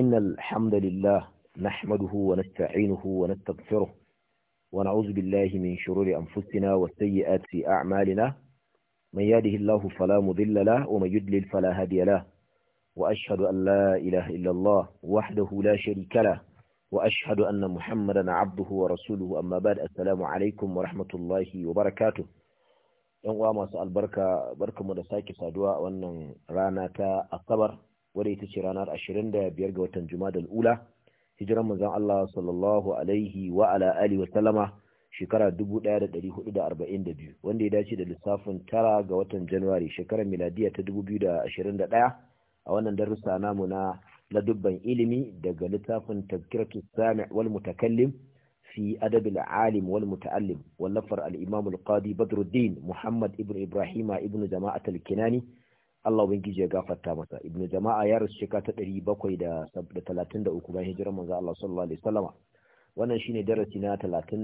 إن الحمد لله نحمده ونستعينه ونستغفره ونعوذ بالله من شرور أنفسنا والسيئات في أعمالنا من يهده الله فلا مضل له ومن يدلل فلا هادي له وأشهد أن لا إله إلا الله وحده لا شريك له وأشهد أن محمدا عبده ورسوله أما بعد السلام عليكم ورحمة الله وبركاته yan uwa masu albarka barkamu da sake saduwa a wannan rana ta asabar wadda ita ce ranar biyar ga watan Jumadal Ula hijiran manzon Allah sallallahu alaihi wa ala alihi wa sallama shekara 1442 wanda ya dace da lissafin tara ga watan Januwari shekarar miladiya ta 2021 a wannan darussa namu na ladubban ilimi daga littafin tazkiratu sami' wal mutakallim في أدب wallafar والمتعلم والنفر الإمام qadi بدر Muhammad, Ibn Ibrahim, إبراهيم ابن جماعة الكناني Allah ubangiji ya gafarta masa ibn jama'a ya rasu shekara ta uku bayan hijirar manzo Allah sallallahu alaihi wasallama wannan shine darasi na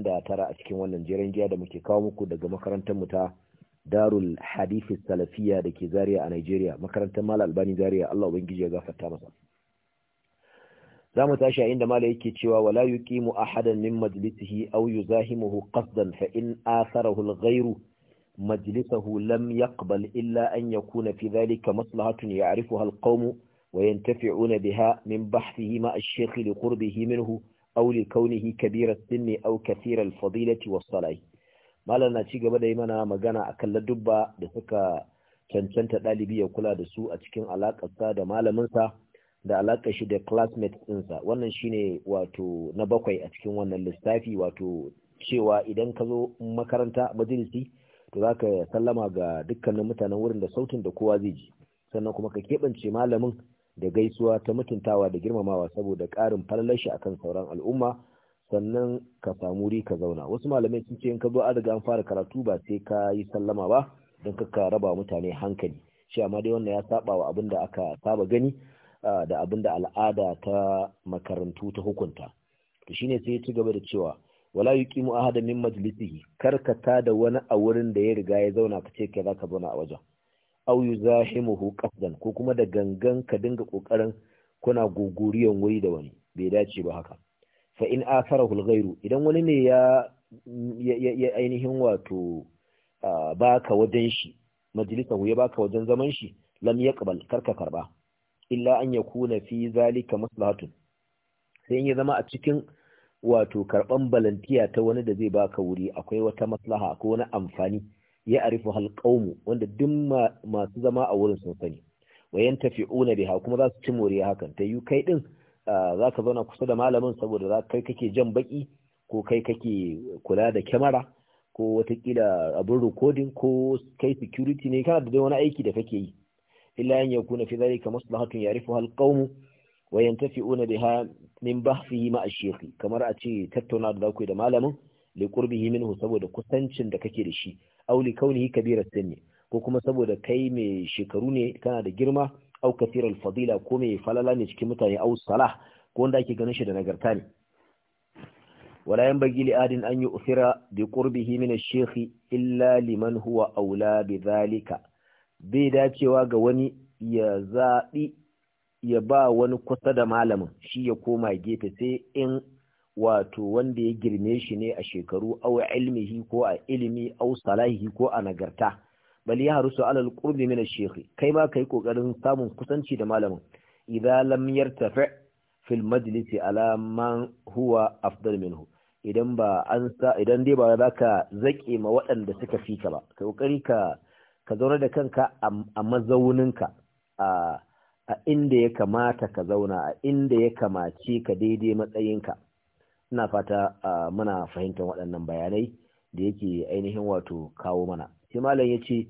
da tara a cikin wannan Jiran giya da muke kawo muku daga makarantar mu ta Darul Hadith Salafiyya da ke Zaria a Nigeria makarantar Mal Albani Zaria Allah ubangiji ya gafarta masa zamu tashi a inda mala yake cewa wala yuqimu ahadan min majlisihi aw yuzahimuhu qasdan fa in atharahu al-ghayru majlisahu lam yaqbal illa an yakuna fi dhalika maslahatun ya'rifuha al-qawm wa yantafi'una biha min bahthihi ma ash-shaykh li qurbihi minhu aw li kawnihi kabira as-sinni aw kathira al-fadilati was-salah malam na ci gaba da yi mana magana akan ladubba da suka cancanta ɗalibi ya kula da su a cikin alaƙarsa da malaminsa da alakar shi da classmates ɗinsa wannan shine wato na bakwai a cikin wannan lissafi wato cewa idan ka zo makaranta majalisi to za ka sallama ga dukkanin mutanen wurin da sautin da kowa zai ji sannan kuma ka keɓance malamin da gaisuwa ta mutuntawa da girmamawa saboda ƙarin falalar akan sauran al'umma sannan ka samu wuri ka zauna wasu malamai sun ce in ka zo an riga an fara karatu ba sai ka yi sallama ba don ka raba mutane hankali shi amma dai wannan ya saba wa abin da aka saba gani da abin da al'ada ta makarantu ta hukunta to shine sai ya ci gaba da cewa wala yuqimu ahada min majlisihi karkata da wani a wurin da ya riga ya zauna ka ce kai zaka zauna a wajen aw yuzahimuhu qasdan ko kuma da gangan ka dinga kokarin kuna goguriyan wuri da wani bai dace ba haka fa in atharahu al idan wani ne ya ya ainihin wato baka wajen shi majlisahu ya baka wajen zaman shi lam yaqbal karka karba illa an yakuna fi zalika maslahatun sai in ya zama a cikin wato karban balantiya ta wani da zai baka wuri akwai wata maslaha akwai wani amfani ya arifu halqaumu wanda duk masu zama a wurin sun sani wayan tafi'una biha kuma za su ci moriya hakan ta yi kai din za ka zauna kusa da malamin saboda za kai kake jan baki ko kai kake kula da kyamara ko watakila abin rikodin ko kai security ne kana da dai wani aiki da kake yi illa yan yakuna fi zalika maslahatun ya'rifuha alqawm wa yantafi'una biha min bahsihi ma ash kamar a ce tattauna da zaku da malamin li qurbihi minhu saboda kusancin da kake da shi aw li kaunihi kabira sinni ko kuma saboda kai mai shekaru ne kana da girma aw kathira al-fadila ko mai falala ne cikin mutane aw salah ko wanda ake ganin shi da nagarta ne an yi لآد أن يؤثر min من illa liman huwa aula bi بذلك bai dacewa ga wani ya zaɓi ya ba wani kusa da malamin shi ya koma gefe sai in wato wanda ya girme shi ne a shekaru au ilmihi ko a ilimi au salahihi ko a nagarta bal ya harusu alal qurbi min ash kai ma kai kokarin samun kusanci da malamin idza lam yartafi fil majlis ala man huwa afdal minhu idan ba an sa idan dai ba za ka zake ma waɗanda suka fika ba kai kokari ka ka zauna da kanka a mazauninka a a inda ya kamata ka zauna a inda ya kamaci ka daidai matsayinka ina fata muna fahimtar waɗannan bayanai da yake ainihin wato kawo mana sai malam ya ce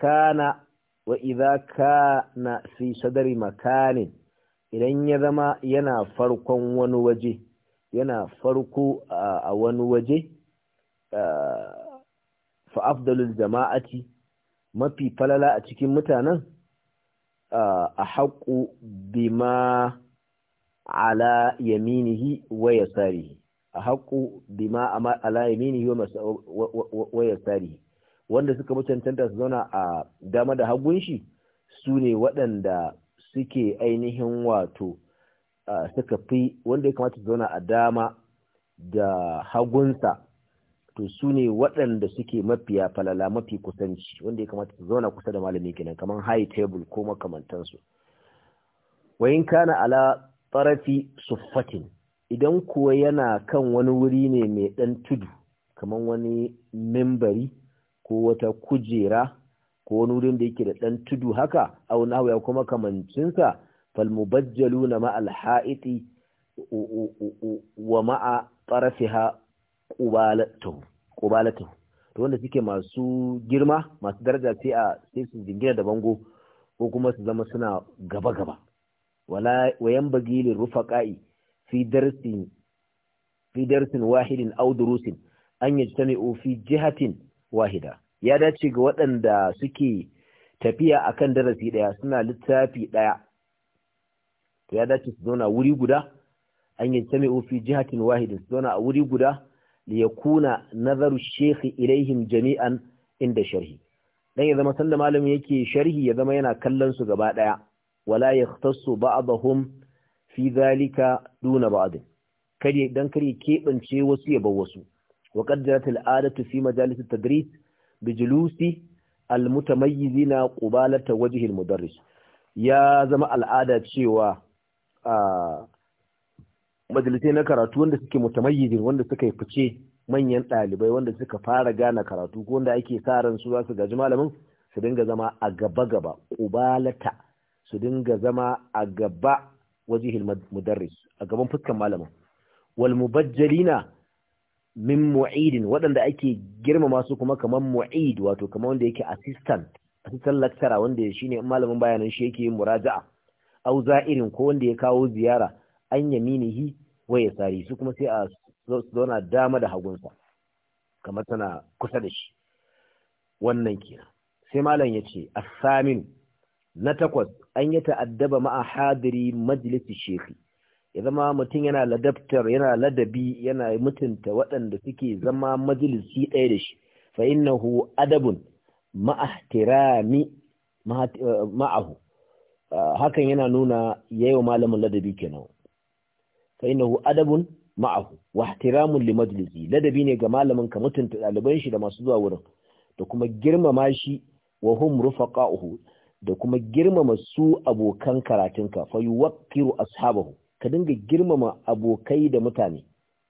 kana wa idza kana fi sadari makanin idan ya zama yana farkon wani waje yana farko a wani waje fa jama'ati mafi falala a cikin mutanen a haƙu bima ala yaminihi wa yasarihi a bima ala yaminihi wa yasarihi wanda suka mutuntanta su zauna a dama da hagun shi su ne waɗanda suke ainihin wato suka fi wanda ya kamata su zauna a dama da hagunsa to su ne waɗanda suke mafiya falala mafi kusanci wanda ya kamata su zauna kusa da malami kenan kamar high table ko makamantansu wayin kana ala tsarafi suffatin idan kuwa yana kan wani wuri ne mai ɗan tudu kamar wani membari ko wata kujera ko wani wurin da yake da ɗan tudu haka au nahwa kuma kamancinsa falmubajjaluna ma'al ha'iti wa ma'a tsarafiha ƙubalatu qubalatu to wanda suke masu girma masu daraja sai a sai su jingina da bango ko kuma su zama suna gaba gaba wala wayan bagilin rufaqa'i fi darsin fi darsin wahidin aw durusin an fi jihatin wahida ya dace ga waɗanda suke tafiya akan darasi daya suna littafi daya to ya dace su zauna wuri guda an yajtami'u fi jihatin wahidin su zauna a wuri guda liyakuna nazaru shekhi ilaihim jami'an inda sharhi dan ya zama sanda malami yake sharhi ya zama yana kallon su gaba daya wala yahtassu ba'dahum fi zalika duna ba'd kare dan kare kebance wasu ya bar wasu wa qaddarat al'adatu fi majalis at-tadris bi julusi al-mutamayyizina qubalata wajhi al-mudarris ya zama al'ada cewa ah, majalisai na karatu wanda suke mutamayyizin wanda suka yi fice manyan ɗalibai wanda suka fara gane karatu ko wanda ake sa ran su za su gaji malamin su dinga zama a gaba gaba kubalata su dinga zama a gaba wajihil mudarris a gaban fuskan malamin wal mubajjalina min mu'idin waɗanda ake girmama su kuma kamar mu'id wato kamar wanda yake assistant assistant lecturer wanda shine malamin bayanan shi yake yin muraja'a au za'irin ko wanda ya kawo ziyara an hi wa yasari su kuma sai a zauna dama da hagunsa kamar tana kusa da shi wannan kenan sai malam yace ce samin na takwas an yi ta'addaba ma'a hadiri majalisi shefi ya zama mutum yana ladabtar yana ladabi yana mutunta waɗanda suke zama majalisi ɗaya da shi fa hu adabun ma'ahtirami eh, ma'ahu ah, hakan yana nuna wa malamin ladabi kenan fa innahu adabun ma'ahu wa ihtiramun li majlisi ladabi ne ga malamin ka mutunta ɗaliban shi da masu zuwa wurin da kuma girmama shi wa hum rufaqahu da kuma girmama su abokan karatunka fa yuwaqqiru ashabahu ka dinga girmama abokai da mutane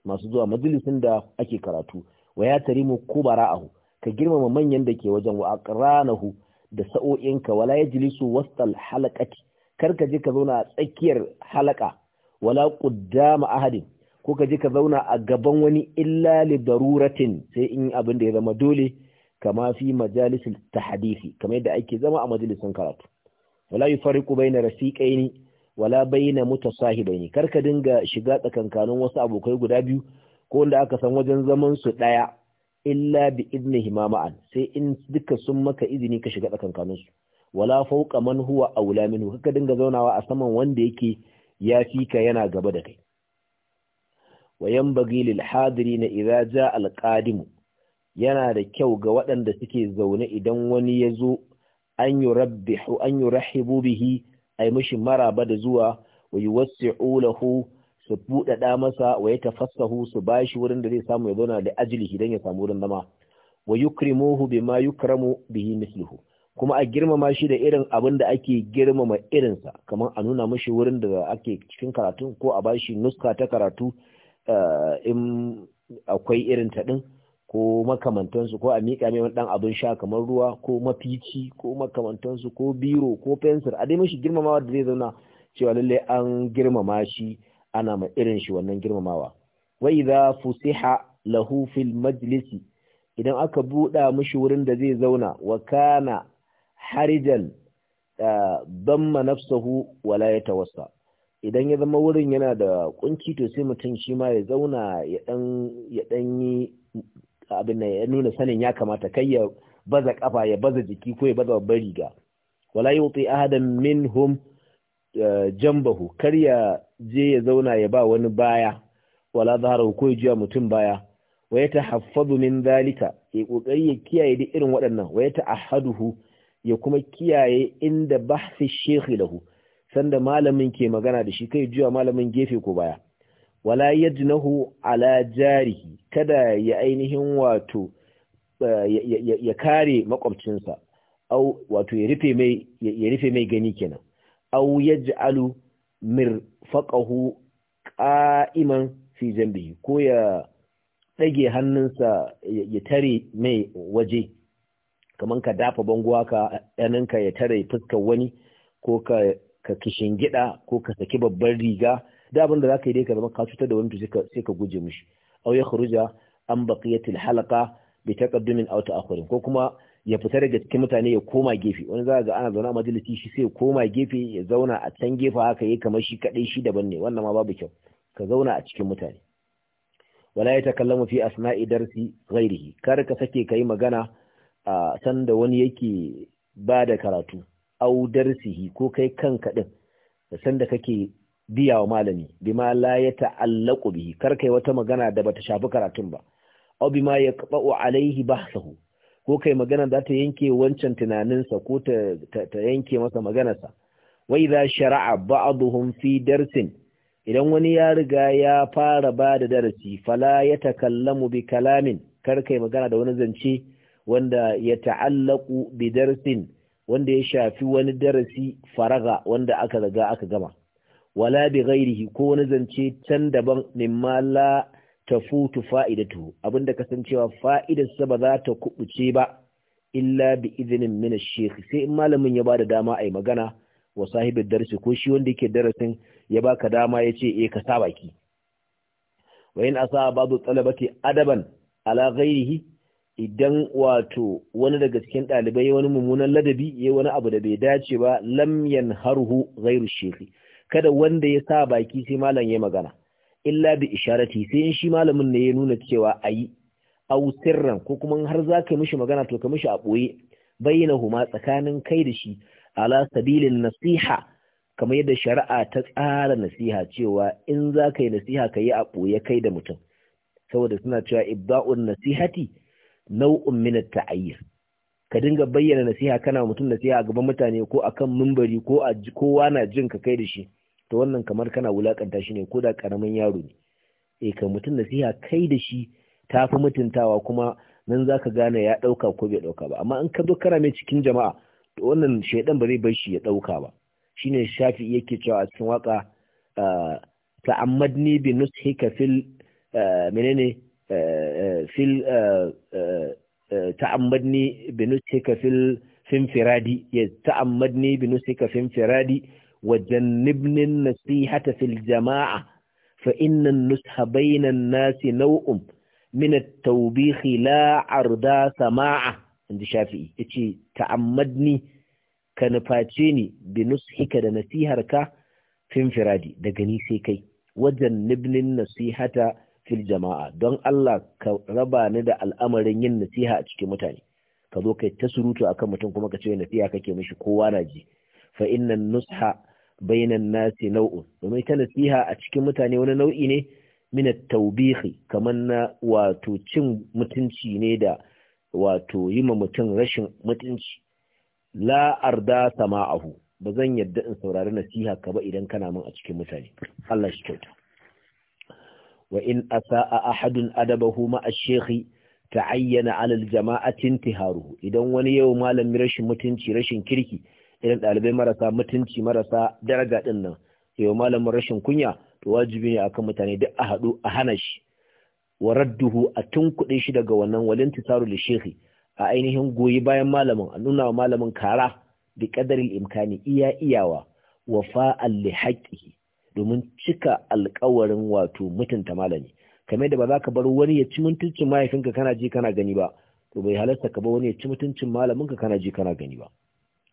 masu zuwa majalisin da ake karatu wa ya tarimu kubara'ahu ka girmama manyan da ke wajen wa aqranahu da sa'o'inka wala yajlisu wastal halaqati kar ka je ka zauna a tsakiyar halaka wala quddama ahadin ko ka je ka zauna a gaban wani illa li daruratin sai in abin da ya zama dole kama fi ta hadisi, kamar yadda ake zama a majalisun karatu wala yufariqu baina rasiqaini wala baina mutasahibaini ka dinga shiga tsakankanin wasu abokai guda biyu ko wanda aka san wajen zaman su daya illa bi idnihi ma ma'an sai in duka sun maka izini ka shiga tsakankanin su wala fawqa man huwa aula minhu kaka dinga zaunawa a saman wanda yake ya fi ka yana gaba da kai wayan bagi lil na idza alkadimu yana da kyau ga waɗanda suke zaune idan wani ya zo an yurabbihu an yurahibu bihi ay mashi maraba da zuwa wa yuwassi'u lahu su buɗaɗa masa wa tafassahu su bashi wurin da zai samu ya zauna da ajili idan ya samu wurin zama wa yukrimuhu bima yukramu bihi misluhu kuma a girmama shi da irin abin da ake girmama irinsa kamar a nuna mashi wurin da ake cikin karatu ko a bashi nuska ta karatu eh, in akwai irin ta ɗin ko makamantansu ko a miƙa mai ɗan abin sha kamar ruwa ko mafici ko makamantansu ko biro ko fensir a dai mashi girmamawa da zai zauna cewa lalle an girmama shi ana ma irin shi wannan girmamawa wa idza fusiha lahu fil majlisi idan aka buɗa mashi wurin da zai zauna wa kana harijal damma nafsahu wala ya tawassa idan ya zama wurin yana da kunci to sai mutum shi ma ya zauna ya dan yi abin nan ya nuna sanin ya kamata kai ya baza kafa ya baza jiki ko ya baza babbar riga wala yuti ahadan minhum jambahu kar ya je ya zauna ya ba wani baya wala zahara ko ya jiya mutum baya wa ya min zalika ya kokari ya kiyaye duk irin waɗannan wa ya ya kuma kiyaye inda bahsi shekhi lahu sanda malamin ke magana da shi kai juya malamin gefe ko baya wala yajnahu ala jarihi kada ya ainihin wato eh, ya kare makwabcinsa au wato ya rufe mai ya rufe mai gani kenan au yaj'alu mirfaqahu qa'iman fi jambihi ko ya dage hannunsa ya tare mai waje kamar ka dafa bango haka ɗaninka ya tare fuskar wani ko ka ka kishin gida ko ka saki babban riga da abin da za ka yi dai ka zama ka cutar da wani sai ka guje mishi au ya kharuja an baqiyatil halaqa bi taqaddumin aw ta'akhurin ko kuma ya fita daga cikin mutane ya koma gefe wani za ga ana zaune a majalisi shi sai ya koma gefe ya zauna a can gefe haka yayi kamar shi kadai shi daban ne wannan ma babu kyau ka zauna a cikin mutane wala ya takallamu fi asma'i darsi ghairihi kar ka sake kai magana a sanda wani yake ba da karatu au darsihi ko kai kanka din sanda kake biya wa malami bima la ya ta'allaqu bihi kar kai wata magana da bata shafi karatun ba aw bima qabu alaihi bahsahu ko kai magana za ta yanke wancan tunaninsa ko ta yanke masa maganarsa wai za shara'a ba'dhum fi darsin idan wani ya riga ya fara ba da darasi fala ya takallamu bi kalamin kar kai magana da wani zance wanda ya ta'allaku bi darsin wanda ya shafi wani darasi faraga wanda aka riga aka gama wala bi ghairihi ko wani zance can daban min ma la tafutu fa'idatu abinda kasancewa fa'idarsa ba za ta kubuce ba illa bi idinin min ash sai in malamin ya bada dama ai magana wa sahibin darasi ko shi wanda yake darasin ya baka dama yace eh ka sa baki wa in asaba ba'd talabati adaban ala ghairihi idan wato wani daga cikin ɗalibai wani mummunan ladabi ya wani abu da bai dace ba lamyan harhu ghairu shekhi kada wanda ya sa baki sai malam ya magana illa bi isharati sai in shi malamin ne ya nuna cewa ayi aw sirran ko kuma har za ka mishi magana to ka mishi a boye huma tsakanin kai da shi ala sabilin nasiha kamar yadda shari'a ta tsara nasiha cewa in za ka yi nasiha ka yi a boye kai da mutum saboda suna cewa ibda'un nasihati nau'un min ta taayyir ka dinga bayyana nasiha kana mutum nasiha a gaban mutane ko akan mimbari ko a kowa na jin ka kai da shi to wannan kamar kana wulakanta shi ne ko da karamin yaro ne e ka mutum nasiha kai da shi ta fi mutuntawa kuma nan zaka gane ya dauka ko bai dauka ba amma in ka zo kana mai cikin jama'a to wannan shaidan ba zai bar shi ya dauka ba shine shafi yake cewa a cikin waka ah, ta'ammadni bi nushika fil ah, menene fil eh, eh, eh, ta'ammadni binusika fil finfiradi ya ta'ammadni binusika finfiradi wa jannibni nasihata fil jama'a fa inna nusha bainan nasi nau'um min at-tawbihi la arda sama'a inda shafi'i yace ta'ammadni ka nuface ni binushika da nasiharka finfiradi daga ni sai kai wajen nibnin nasihata fil jama'a don Allah ka raba ni da al'amarin yin nasiha a cikin mutane ka zo kai ta surutu akan mutum kuma ka ce nasiha kake mishi kowa na ji fa innan nusha bainan nasi nau'un domin ta nasiha a cikin mutane wani nau'i ne min at-tawbihi kamar na wato cin mutunci ne da wato yi ma mutum rashin mutunci la arda sama'ahu ba zan yadda in saurari nasiha ka ba idan kana min a cikin mutane Allah shi kyauta wa in asa'a ahadun adabahu ma ash-shaykh ta'ayyana 'ala al-jama'ati intiharuhu idan wani yau malamin rashin mutunci rashin kirki irin ɗalibai marasa mutunci marasa daraja din nan yau malamin rashin kunya to wajibi ne akan mutane duk a haɗu a hana shi wa radduhu a kuɗi shi daga wannan walintisaru li shaykh a ainihin goyi bayan malamin a nuna wa malamin kara bi qadari al-imkani iya iyawa wafa'an li haqqihi domin cika alkawarin wato mutunta malami kamar da ba za ka bar wani ya ci mutuncin mahaifinka kana ji kana gani ba to bai halarta ka bar wani ya ci mutuncin malaminka kana ji kana gani ba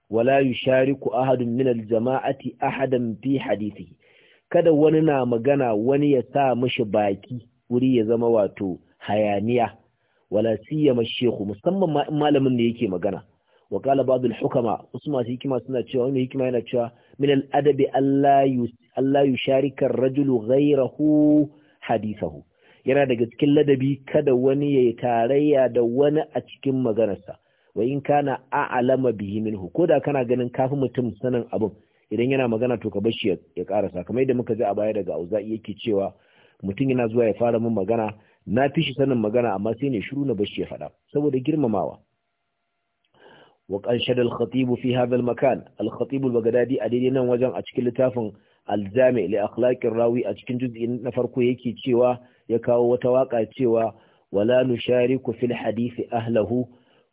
wala yushariku ahadun min aljama'ati ahadan fi hadithihi kada wani na magana wani ya sa mishi baki wuri ya zama wato hayaniya wala siyama shehu musamman malamin da yake magana wa qala ba'd al-hukama wasu masu hikima suna cewa wani hikima yana cewa min al-adabi alla Allah sharikar rajulu ghayrahu hadithahu yana daga cikin ladabi kada wani yayi tarayya da wani a cikin maganarsa wa in kana a'lama bihi minhu koda kana ganin kafi mutum sanin abin idan yana magana to ka bashi ya karasa kamar yadda muka ji a baya daga auza'i yake cewa mutum yana zuwa ya fara min magana na fi shi sanin magana amma sai ne shiru na bashi ya faɗa saboda girmamawa wa al شد الخطيب في bagdadi a daidai nan wajen a cikin تافن aljami li akhlaqir rawi a cikin juz'i na farko yake cewa ya kawo wata waka cewa wala nushariku fil hadisi ahlahu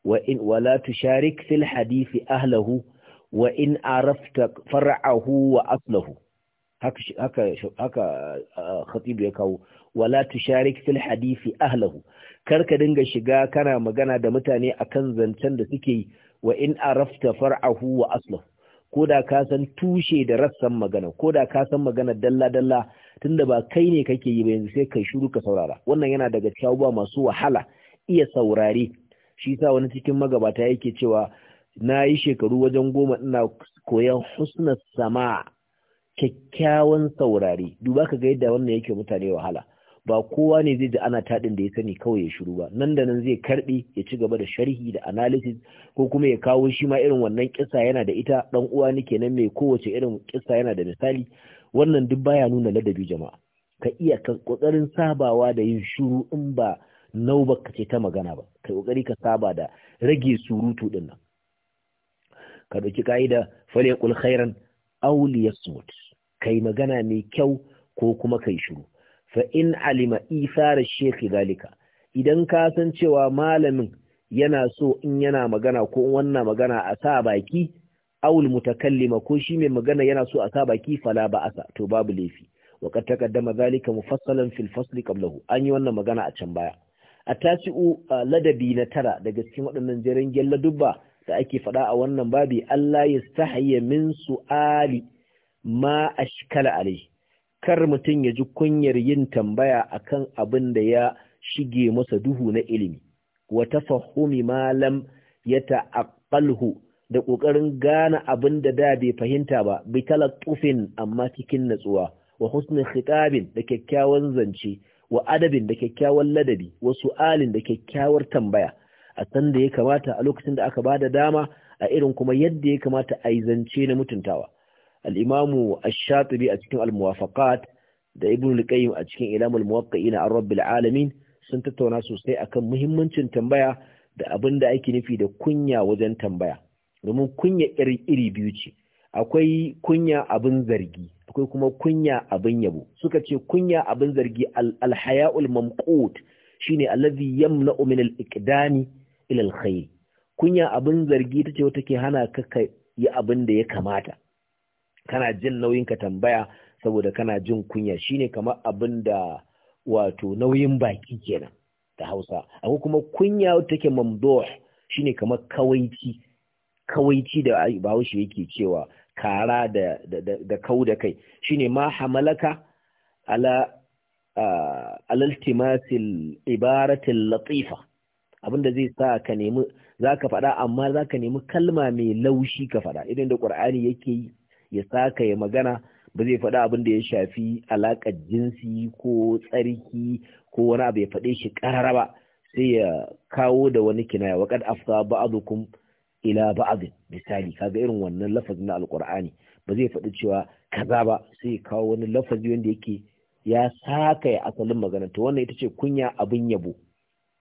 wa in wala tusharik fil hadisi ahlahu wa in arafta far'ahu wa aslahu haka haka haka uh, khatib ya kawo wala tusharik fil hadisi ahlahu karka dinga shiga kana magana da mutane akan zancen da suke wa in arafta far'ahu wa aslahu ko da ka san tushe da rassan magana ko da ka san magana dalla-dalla tunda ba kai ne kake yi ba yanzu sai kai shiru ka saurara wannan yana daga cewa masu wahala iya saurare shi sa wani cikin magabata yake cewa na yi shekaru wajen goma ina koyan husnar sama kyakkyawan saurare duba ka ga yadda wannan yake mutane wahala ba kowa ne zai ji ana taɗin da ya sani kawai ya shiru ba nan da nan zai karɓi ya ci gaba da sharhi da analysis ko kuma ya kawo shi ma irin wannan kisa yana da ita ɗan uwa ne kenan mai kowace irin kisa yana da misali wannan duk baya nuna ladabi jama'a ka iya ka kokarin sabawa da yin shiru in ba nauba ka ce ta magana ba ka kokari ka saba da rage surutu din nan ka ɗauki ka'ida falyakul khairan aw liyasmut kai magana mai kyau ko kuma kai shiru fa in alima isar shekhi zalika idan ka san cewa malamin yana so in yana magana ko wannan magana a sa baki awul mutakallima ko shi mai magana yana so a sa baki fala ba asa to babu laifi wa qad taqaddama zalika mufassalan fil fasli qablahu an yi wannan magana a can baya atasi'u ladabi na tara daga cikin waɗannan gella dubba da ake faɗa a wannan babi Allah ya min su'ali ma ashkala alayhi kar mutum ya ji kunyar yin tambaya akan abin da ya shige masa duhu na ilimi wata tafahumi malam ya ta'aqqalhu da ƙoƙarin gane abin da da bai fahimta ba bi talattufin amma cikin natsuwa wa husnin khitabin da kyakkyawan zance wa adabin da kyakkyawan ladabi wa su'alin da kyakkyawar tambaya a san da ya kamata a lokacin da aka bada dama a irin kuma yadda ya kamata a yi zance na mutuntawa al-imamu ash-shatibi a cikin al da ibn al-qayyim a cikin ilamul muwaqqi'ina an rabbil alamin sun tattauna sosai akan muhimmancin tambaya da abin da ake nufi da kunya wajen tambaya domin kunya iri iri biyu ce akwai kunya abin zargi akwai kuma kunya abin yabo suka ce kunya abin zargi al-haya'ul mamqut shine allazi yamna'u min al-iqdami ila al kunya abin zargi tace wata ke hana ka yi abin da ya kamata kana jin nauyin ka tambaya saboda kana jin kunya shine kamar abin da wato nauyin baki kenan da Hausa akwai kuma kunya take mamdoh shine kamar kawaici kawaici da Bahaushe yake cewa kara da da kau da kai shine ma hamalaka ala alaltimasil ibaratil latifa abinda zai sa ka nemi zaka faɗa amma zaka nemi kalma mai laushi ka faɗa idan da Qur'ani yake yi ya saka ya magana ba zai faɗi abin da ya shafi alaƙar jinsi ko tsarki ko wani abu ya faɗe shi ƙarara ba sai ya kawo da wani kinaya waƙad afsa ba'adukum ila ba'adin misali kaga irin wannan lafazin na alƙur'ani ba zai faɗi cewa kaza ba sai ya kawo wani lafazi wanda yake ya saka ya asalin magana to wannan ita ce kunya abin yabo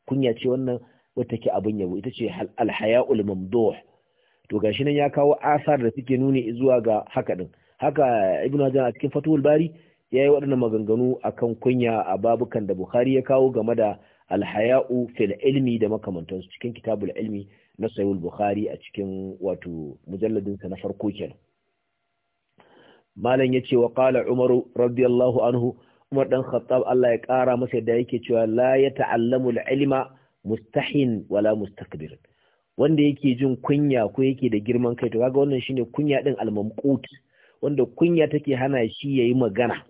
kunya ce wannan wata ke abin yabo ita ce alhaya'ul mamduh to gashi nan ya kawo asar da suke nuni zuwa ga haka din haka ibn hajar a cikin fatul bari ya yi waɗannan maganganu akan kunya a babukan da bukhari ya kawo game da alhaya'u fil ilmi da makamantansu cikin kitabul ilmi na sayul bukhari a cikin wato mujalladinsa na farko kenan malam yace wa qala umaru radiyallahu anhu umar dan khattab Allah ya kara masa da yake cewa la ya ta'allamu al-ilma mustahin wala mustakbir wanda yake jin kunya ko yake da girman kai to kaga wannan shine kunya din almamqut wanda kunya take hana shi yayi magana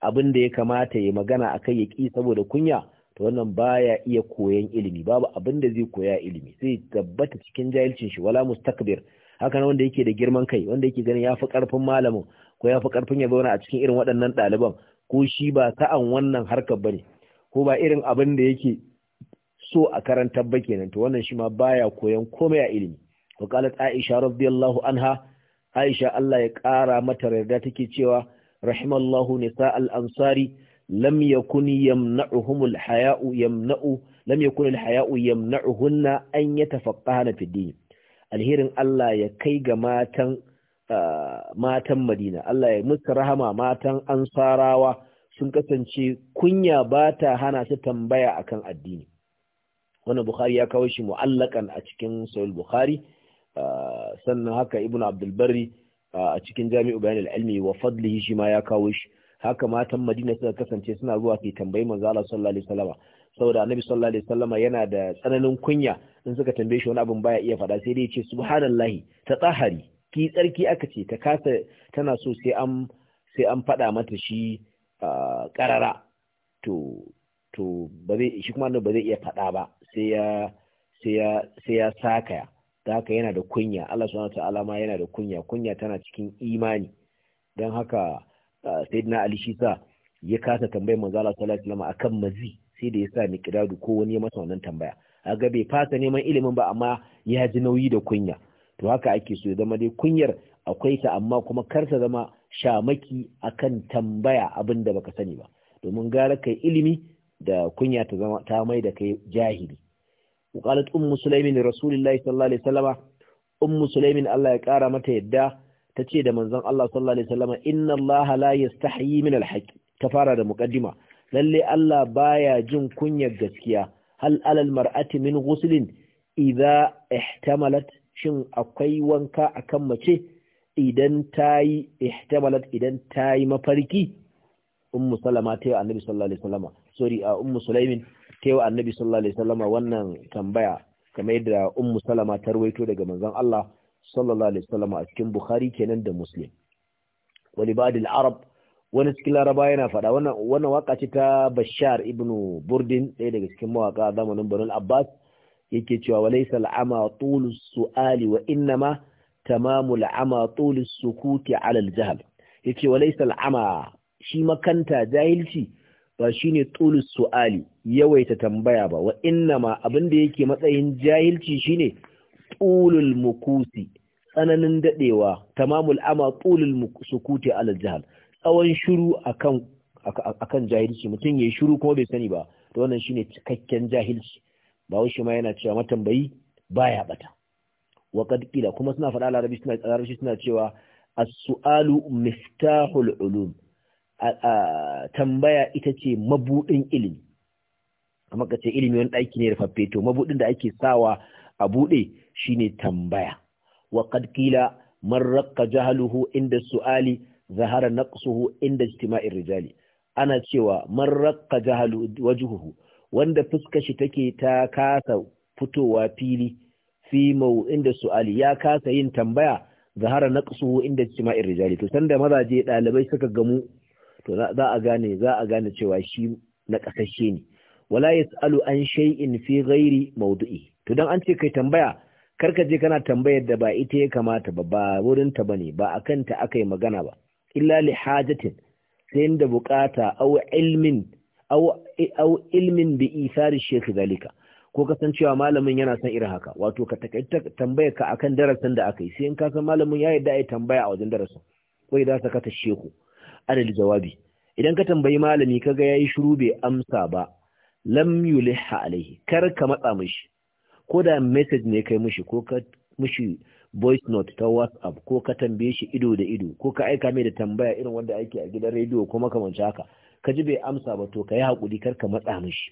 abin da ya kamata ya magana akai ya ki saboda kunya to wannan baya iya koyan ilimi babu abin da zai koya ilimi sai tabbata cikin jahilcin shi wala mustakbir haka nan wanda yake da girman kai wanda yake ganin yafi karfin malamin ko yafi karfin ya zauna a cikin irin waɗannan ɗaliban ko shi ba sa'an wannan harkar bane ko ba irin abin da yake so a karanta ba kenan to wannan shi ma baya koyan komai a ilimi wa qalat aisha radiyallahu anha aisha Allah ya kara mata yarda take cewa rahimallahu nisa al-ansari lam yakun yamna'uhum al-haya'u yamna'u lam yakun al-haya'u yamna'uhunna an fi din alherin Allah ya kai ga matan ah, matan Madina Allah ya musu rahama matan ansarawa sun kasance kunya ba ta hana su tambaya akan addini wannan bukhari ya kawo shi mu'allakan a cikin sahih bukhari ah, sannan haka ibnu abdul barri ah, a cikin jami'u bayan ilmi wa fadlihi shi ma ya kawo shi haka matan madina suka kasance suna zuwa su tambayi manzo Allah sallallahu alaihi wasallam saboda annabi sallallahu alaihi wasallam yana da tsananin kunya in suka tambaye shi wani abin baya iya faɗa sai dai ya ce subhanallahi ta tsahari ki tsarki aka ce ta kasa tana so sai an sai an faɗa mata shi karara ah, to to ba zai shi kuma ba zai iya faɗa ba sai ya sai ya sai ya sakaya da haka yana da kunya Allah subhanahu ta'ala ma yana da kunya kunya tana cikin imani dan haka sayyidina Ali shi ya kasa tambayar manzo Allah sallallahu alaihi wasallam akan mazi sai da ya sa kidadu ko wani ya masa wannan tambaya aga bai fasa neman ilimin ba amma ya ji nauyi da kunya to haka ake so ya zama dai kunyar akwai ta amma kuma kar ta zama shamaki akan tambaya abin da baka sani ba domin gara kai ilimi da kunya ta zama ta mai da kai jahili وقالت أم سليم لرسول الله صلى الله عليه وسلم أم سليم الله يقار متى يدى تتشيد من ذن الله صلى الله عليه وسلم إن الله لا يستحيي من الحق كفارة مقدمة للي الله بايا جن كنيا قسكيا هل على المرأة من غسل إذا احتملت شن أقوي وانكا أكمتشه idan ta yi ihtamalat idan ta yi mafarki ummu salama ta yi annabi sallallahu alaihi wasallama sorry a ummu sulaimin taiwa annabi sallallahu alaihi wasallama wannan tambaya kamar yadda ummu salama ta rawaito daga manzon Allah sallallahu alaihi wasallama a cikin bukhari kenan da muslim wani ba'd arab wani cikin laraba yana faɗa wannan wannan waka ce ta bashar ibnu burdin ɗaya daga cikin mawaka zamanin banu abbas yake cewa walaysa al-ama tulu su'ali wa innama tamamu al-ama tulu sukuti ala al-jahl yake walaysa al-ama shi makanta jahilci ba shine tulus su'ali yawaita tambaya ba wa abin abinda yake matsayin jahilci shine tulul mukusi tsananin dadewa tamamul ama tulul sukuti ala jahal tsawon shiru akan jahilci mutum yayi shiru kuma bai sani ba to wannan shine cikakken jahilci ba shi ma yana cewa matambayi baya bata wa kila kuma suna faɗa larabci larabci suna cewa as-su'alu miftahul ulum tambaya ita ce mabuɗin ilimi amma ka ce ilimi wani ɗaki ne rufaffe to mabuɗin da ake sawa a buɗe shine tambaya wa qad qila man raqqa jahaluhu inda su'ali zahara naqsuhu inda ijtima'ir rijali ana cewa man raqqa jahalu wajhuhu wanda fuska shi take ta kasa fitowa fili fi mau inda su'ali ya kasa yin tambaya zahara naqsuhu inda ijtima'ir rijali to sanda mazaje ɗalibai suka gamu to za a gane za a gane cewa shi na kasashe ne wala yasalu an shay'in fi ghairi mawdu'i to dan an ce kai tambaya karka je kana tambayar da ba ita ya kamata ba ba wurin ta bane ba akan ta akai magana ba illa li hajatin sai inda bukata aw ilmin aw aw ilmin bi isar shaykh zalika ko kasancewa malamin yana son irin haka wato ka takaita tambayar ka akan darasin da aka yi sai in ka san malamin ya yarda ya tambaya a wajen darasin wai idan ka ta sheku adal jawabi idan ka tambayi malami kaga yayi shiru bai amsa ba lam yulha alaihi kar ka matsa mishi ko da message ne kai mishi ko ka mishi voice note ta WhatsApp ko ka tambaye shi ido da ido ko ka aika mai da tambaya irin wanda ake a gidan rediyo ko makamanci haka ka ji bai amsa ba to ka yi hakuri kar ka matsa mishi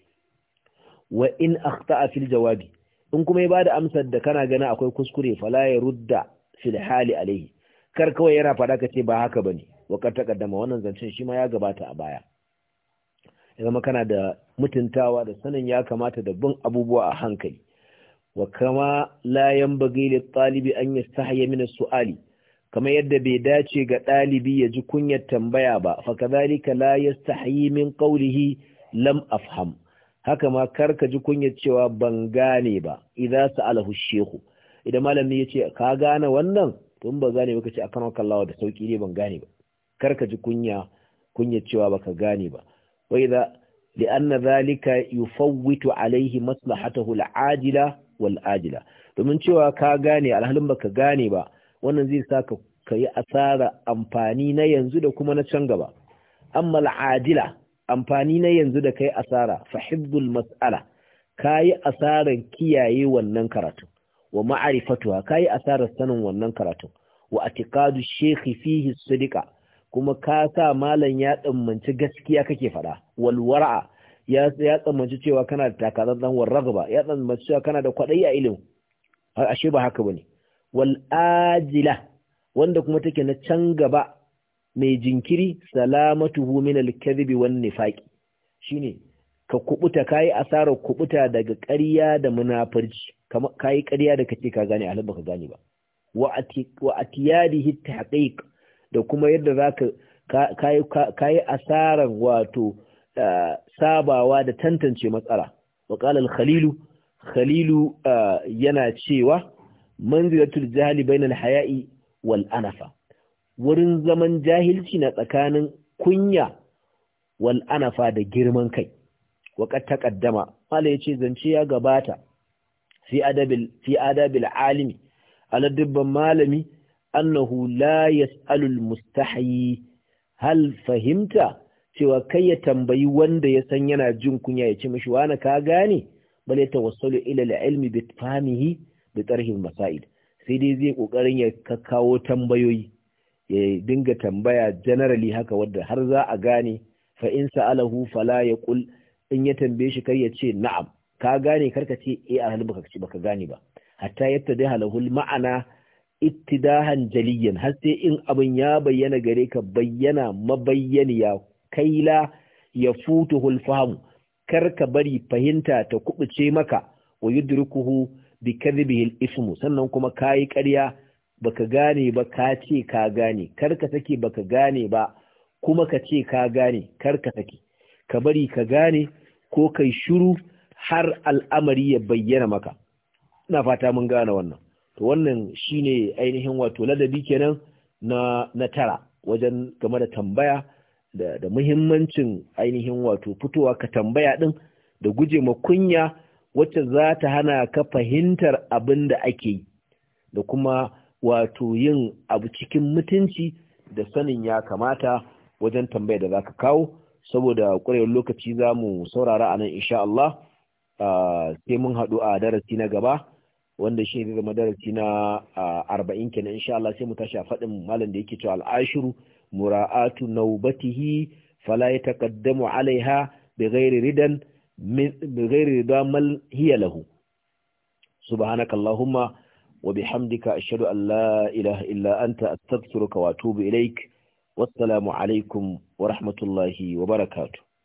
wa in akhta'a fil jawabi in kuma ya bada amsar da kana gana akwai kuskure fala ya rudda fil hali alaihi kar kawai yana fada ka ce ba haka bane wakar takaddama wannan zancen shi ma ya gabata a baya ya zama kana da mutuntawa da sanin ya kamata da bin abubuwa a hankali wa kama layan yanbaghi da ɗalibi an yastahya min as-su'ali kamar yadda bai dace ga ɗalibi ya ji kunyar tambaya ba fa kadhalika la yastahyi min ƙaurihi lam afham haka ma kar ka ji kunyar cewa ban gane ba idan alahu shehu idan malami ce ka gane wannan tun ba gane ba kace akan kallawa da sauƙi ne ban gane ba kar ka ji kunya kunya cewa baka gane ba wa idza li'anna zalika yufawwitu alaihi maslahatahu al'ajila wal ajila domin cewa ka gane alhalin baka gane ba wannan zai ka kayi asara amfani na yanzu da kuma na can gaba amma al'ajila amfani na yanzu da kai asara fa hibdul mas'ala kayi asaran kiyaye wannan karatu wa ma'arifatuwa kayi asarar sanin wannan karatu wa atiqadu shaykhi fihi sidika kuma ka sa malam ya tsammanci gaskiya kake faɗa walwara ya ya tsammanci cewa kana da takazanzan warragba ya tsammanci cewa kana da kwaɗayi a ilimi ashe ba haka bane wal ajila wanda kuma take na can gaba mai jinkiri salamatuhu min al-kadhibi wan nifaqi shine ka kubuta kai asarar kubuta daga ƙarya da munafurci kai ƙarya da kace ka gane alhaba ka gane ba wa atiyadihi tahqiq da kuma yadda za ka yi asarar wato sabawa da tantance matsala waƙalar khalilu khalilu yana cewa manzilatul jahili bainal haya'i wal anafa wurin zaman jahilci na tsakanin kunya wal anafa da girman kai waƙar taƙaddama mala ya ce zance ya gabata fi adabil alimi a malami annahu la yas'alul mustahi hal fahimta cewa kai ya tambayi wanda ya san yana jin kunya ya ce mishi wani ka gane bal ya tawassalu ila ilmi bi tafamihi bi tarhil masail sai dai zai kokarin ya kakkawo tambayoyi ya dinga tambaya generally haka wanda har za a gane fa in sa'alahu fala yaqul in ya tambaye shi kai ya ce na'am ka gane karka ce eh a baka ci baka gane ba hatta yatta dai halahul ma'ana ittidahan jaliyan har sai in abin ya bayyana gare ka bayyana mabayyaniya kaila ya futu fahamu kar ka bari fahimta ta kubuce maka wa yudrikuhu bi kadhibihil ismu sannan kuma kayi ƙarya baka gane ba ka ce ka gane kar ka sake baka gane ba kuma ka ce ka gane kar ka sake ka bari ka gane ko kai shiru har al'amari ya bayyana maka ina fata mun gane wannan to wannan shine ainihin wato ladabi kenan na na tara wajen game da tambaya da, da muhimmancin ainihin wato fitowa ka tambaya din da guje ma kunya wacce za ta hana ka fahimtar abin da ake yi da kuma wato yin abu cikin mutunci da sanin ya kamata wajen tambaya da za ka kawo saboda ƙwarewar lokaci za mu saurara a nan insha Allah ah, sai mun haɗu a darasi na gaba wanda shi ne zama darasi na arba'in kenan insha Allah sai mu tashi a faɗin malam da yake cewa al'ashiru mura'atu naubatihi fala yataqaddamu alaiha bighairi ridan bighairi rida mal hiya lahu subhanaka allahumma wa bihamdika ashhadu an la ilaha illa anta astaghfiruka wa atubu ilaik wassalamu alaikum wa rahmatullahi wa barakatuh